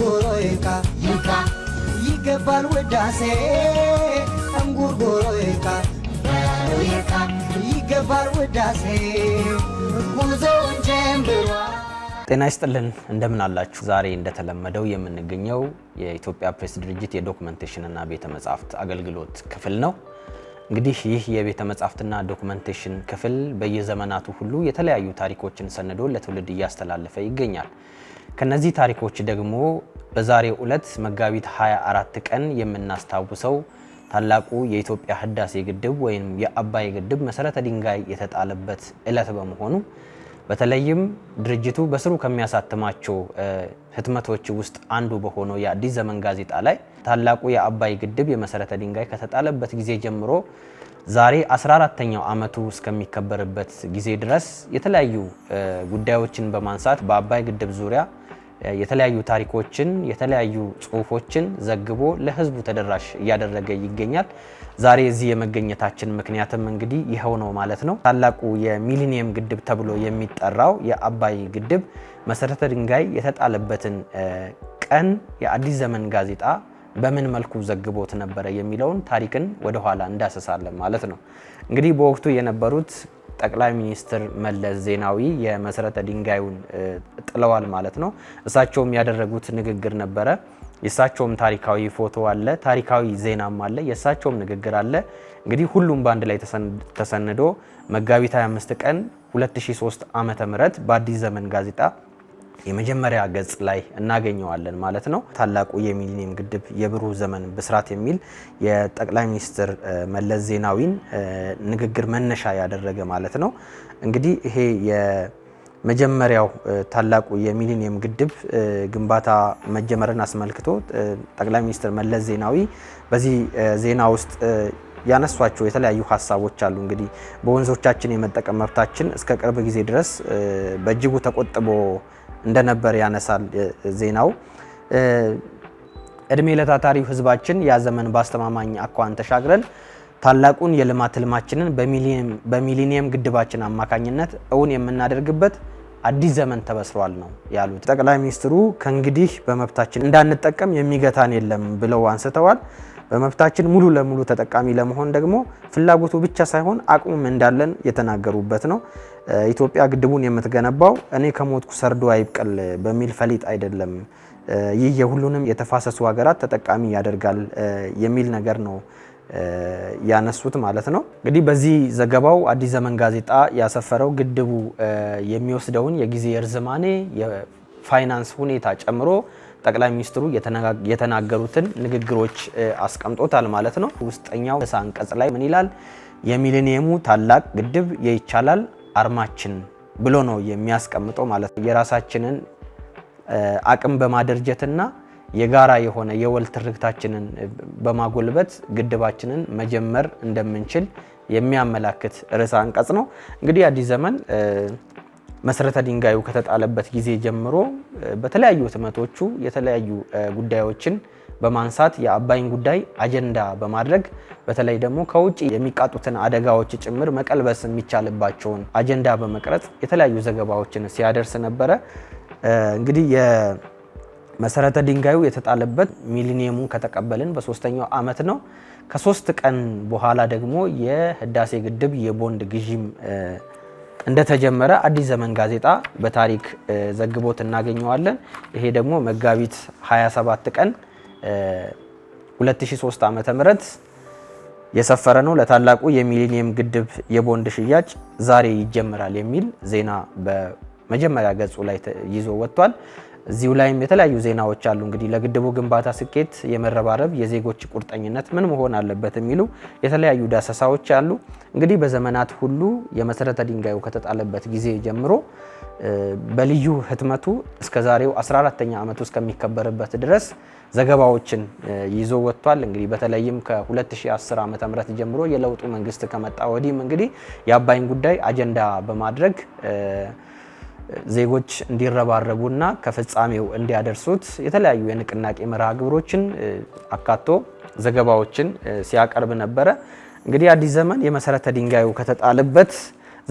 እንጉርጉሮ ይካ ይካ ይገባል ውዳሴ እንጉርጉሮ ይካ ይካ ይገባል ውዳሴ ጉዞውን ጀምሯ። ጤና ይስጥልን እንደምን አላችሁ? ዛሬ እንደተለመደው የምንገኘው የኢትዮጵያ ፕሬስ ድርጅት የዶክመንቴሽንና ቤተ መጻሕፍት አገልግሎት ክፍል ነው። እንግዲህ ይህ የቤተ መጻሕፍትና ዶክመንቴሽን ክፍል በየዘመናቱ ሁሉ የተለያዩ ታሪኮችን ሰንዶ ለትውልድ እያስተላለፈ ይገኛል። ከነዚህ ታሪኮች ደግሞ በዛሬው ዕለት መጋቢት 24 ቀን የምናስታውሰው ታላቁ የኢትዮጵያ ህዳሴ ግድብ ወይም የአባይ ግድብ መሰረተ ድንጋይ የተጣለበት ዕለት በመሆኑ በተለይም ድርጅቱ በስሩ ከሚያሳትማቸው ህትመቶች ውስጥ አንዱ በሆነው የአዲስ ዘመን ጋዜጣ ላይ ታላቁ የአባይ ግድብ የመሰረተ ድንጋይ ከተጣለበት ጊዜ ጀምሮ ዛሬ 14ተኛው ዓመቱ እስከሚከበርበት ጊዜ ድረስ የተለያዩ ጉዳዮችን በማንሳት በአባይ ግድብ ዙሪያ የተለያዩ ታሪኮችን የተለያዩ ጽሁፎችን ዘግቦ ለህዝቡ ተደራሽ እያደረገ ይገኛል። ዛሬ እዚህ የመገኘታችን ምክንያትም እንግዲህ ይኸው ነው ማለት ነው። ታላቁ የሚሊኒየም ግድብ ተብሎ የሚጠራው የአባይ ግድብ መሰረተ ድንጋይ የተጣለበትን ቀን የአዲስ ዘመን ጋዜጣ በምን መልኩ ዘግቦት ነበረ የሚለውን ታሪክን ወደኋላ እንዳሰሳለን ማለት ነው። እንግዲህ በወቅቱ የነበሩት ጠቅላይ ሚኒስትር መለስ ዜናዊ የመሰረተ ድንጋዩን ጥለዋል ማለት ነው። እሳቸውም ያደረጉት ንግግር ነበረ። የእሳቸውም ታሪካዊ ፎቶ አለ፣ ታሪካዊ ዜናም አለ፣ የእሳቸውም ንግግር አለ። እንግዲህ ሁሉም በአንድ ላይ ተሰንዶ መጋቢት 25 ቀን 2003 ም በአዲስ ዘመን ጋዜጣ የመጀመሪያ ገጽ ላይ እናገኘዋለን ማለት ነው። ታላቁ የሚሊኒየም ግድብ የብሩህ ዘመን ብስራት የሚል የጠቅላይ ሚኒስትር መለስ ዜናዊን ንግግር መነሻ ያደረገ ማለት ነው። እንግዲህ ይሄ የመጀመሪያው ታላቁ የሚሊኒየም ግድብ ግንባታ መጀመርን አስመልክቶ ጠቅላይ ሚኒስትር መለስ ዜናዊ በዚህ ዜና ውስጥ ያነሷቸው የተለያዩ ሀሳቦች አሉ። እንግዲህ በወንዞቻችን የመጠቀም መብታችን እስከ ቅርብ ጊዜ ድረስ በእጅጉ ተቆጥቦ እንደነበር ያነሳል ዜናው። እድሜ ለታታሪው ህዝባችን ያዘመን በአስተማማኝ አኳን ተሻግረን ታላቁን የልማት ህልማችንን በሚሊኒየም ግድባችን አማካኝነት እውን የምናደርግበት አዲስ ዘመን ተበስሯል ነው ያሉት ጠቅላይ ሚኒስትሩ። ከእንግዲህ በመብታችን እንዳንጠቀም የሚገታን የለም ብለው አንስተዋል። በመብታችን ሙሉ ለሙሉ ተጠቃሚ ለመሆን ደግሞ ፍላጎቱ ብቻ ሳይሆን አቅሙም እንዳለን የተናገሩበት ነው። ኢትዮጵያ ግድቡን የምትገነባው እኔ ከሞትኩ ሰርዶ አይብቀል በሚል ፈሊጥ አይደለም። ይህ የሁሉንም የተፋሰሱ ሀገራት ተጠቃሚ ያደርጋል የሚል ነገር ነው ያነሱት ማለት ነው። እንግዲህ በዚህ ዘገባው አዲስ ዘመን ጋዜጣ ያሰፈረው ግድቡ የሚወስደውን የጊዜ እርዝማኔ የፋይናንስ ሁኔታ ጨምሮ ጠቅላይ ሚኒስትሩ የተናገሩትን ንግግሮች አስቀምጦታል ማለት ነው። ውስጠኛው አንቀጽ ላይ ምን ይላል? የሚሊኒየሙ ታላቅ ግድብ የይቻላል አርማችን ብሎ ነው የሚያስቀምጠው ማለት ነው። የራሳችንን አቅም በማደርጀትና የጋራ የሆነ የወል ትርክታችንን በማጎልበት ግድባችንን መጀመር እንደምንችል የሚያመላክት ርዕሰ አንቀጽ ነው። እንግዲህ አዲስ ዘመን መሰረተ ድንጋዩ ከተጣለበት ጊዜ ጀምሮ በተለያዩ ህትመቶቹ የተለያዩ ጉዳዮችን በማንሳት የአባይን ጉዳይ አጀንዳ በማድረግ በተለይ ደግሞ ከውጭ የሚቃጡትን አደጋዎች ጭምር መቀልበስ የሚቻልባቸውን አጀንዳ በመቅረጽ የተለያዩ ዘገባዎችን ሲያደርስ ነበረ። እንግዲህ የመሰረተ ድንጋዩ የተጣለበት ሚሊኒየሙን ከተቀበልን በሶስተኛው ዓመት ነው። ከሶስት ቀን በኋላ ደግሞ የህዳሴ ግድብ የቦንድ ግዢም እንደተጀመረ አዲስ ዘመን ጋዜጣ በታሪክ ዘግቦት እናገኘዋለን። ይሄ ደግሞ መጋቢት 27 ቀን 2003 ዓ.ም የሰፈረ ነው። ለታላቁ የሚሊኒየም ግድብ የቦንድ ሽያጭ ዛሬ ይጀምራል የሚል ዜና በመጀመሪያ ገጹ ላይ ይዞ ወጥቷል። እዚሁ ላይም የተለያዩ ዜናዎች አሉ። እንግዲህ ለግድቡ ግንባታ ስኬት የመረባረብ የዜጎች ቁርጠኝነት ምን መሆን አለበት የሚሉ የተለያዩ ዳሰሳዎች አሉ። እንግዲህ በዘመናት ሁሉ የመሰረተ ድንጋዩ ከተጣለበት ጊዜ ጀምሮ በልዩ ህትመቱ እስከ ዛሬው 14ተኛ ዓመቱ እስከሚከበርበት ድረስ ዘገባዎችን ይዞ ወጥቷል። እንግዲህ በተለይም ከ2010 ዓ.ም ጀምሮ የለውጡ መንግስት ከመጣ ወዲህም እንግዲህ የአባይን ጉዳይ አጀንዳ በማድረግ ዜጎች እንዲረባረቡና ከፍጻሜው እንዲያደርሱት የተለያዩ የንቅናቄ መርሃ ግብሮችን አካቶ ዘገባዎችን ሲያቀርብ ነበረ። እንግዲህ አዲስ ዘመን የመሰረተ ድንጋዩ ከተጣለበት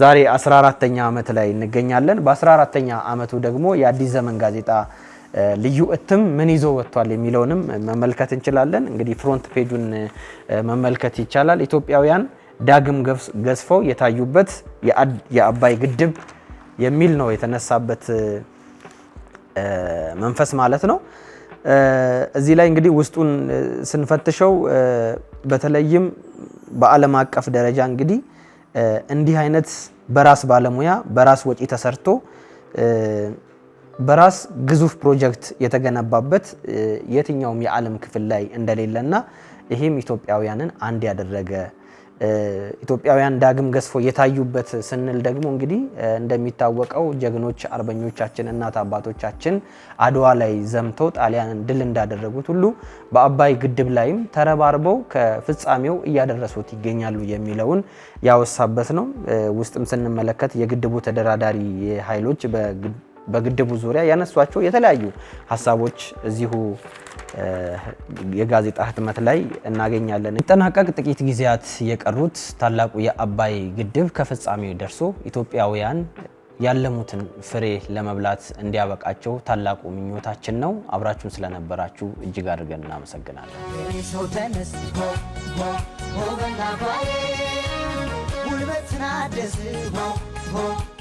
ዛሬ 14ተኛ ዓመት ላይ እንገኛለን። በ14ተኛ ዓመቱ ደግሞ የአዲስ ዘመን ጋዜጣ ልዩ እትም ምን ይዞ ወጥቷል የሚለውንም መመልከት እንችላለን። እንግዲህ ፍሮንት ፔጁን መመልከት ይቻላል። ኢትዮጵያውያን ዳግም ገዝፈው የታዩበት የአባይ ግድብ የሚል ነው የተነሳበት መንፈስ ማለት ነው። እዚህ ላይ እንግዲህ ውስጡን ስንፈትሸው በተለይም በዓለም አቀፍ ደረጃ እንግዲህ እንዲህ አይነት በራስ ባለሙያ በራስ ወጪ ተሰርቶ በራስ ግዙፍ ፕሮጀክት የተገነባበት የትኛውም የዓለም ክፍል ላይ እንደሌለና ይህም ኢትዮጵያውያንን አንድ ያደረገ ኢትዮጵያውያን ዳግም ገዝፎ የታዩበት ስንል ደግሞ እንግዲህ እንደሚታወቀው ጀግኖች አርበኞቻችን እናት አባቶቻችን አድዋ ላይ ዘምተው ጣሊያንን ድል እንዳደረጉት ሁሉ በአባይ ግድብ ላይም ተረባርበው ከፍጻሜው እያደረሱት ይገኛሉ የሚለውን ያወሳበት ነው። ውስጥም ስንመለከት የግድቡ ተደራዳሪ ኃይሎች በግድቡ ዙሪያ ያነሷቸው የተለያዩ ሀሳቦች እዚሁ የጋዜጣ ህትመት ላይ እናገኛለን። ሊጠናቀቅ ጥቂት ጊዜያት የቀሩት ታላቁ የአባይ ግድብ ከፍጻሜው ደርሶ ኢትዮጵያውያን ያለሙትን ፍሬ ለመብላት እንዲያበቃቸው ታላቁ ምኞታችን ነው። አብራችሁን ስለነበራችሁ እጅግ አድርገን እናመሰግናለን።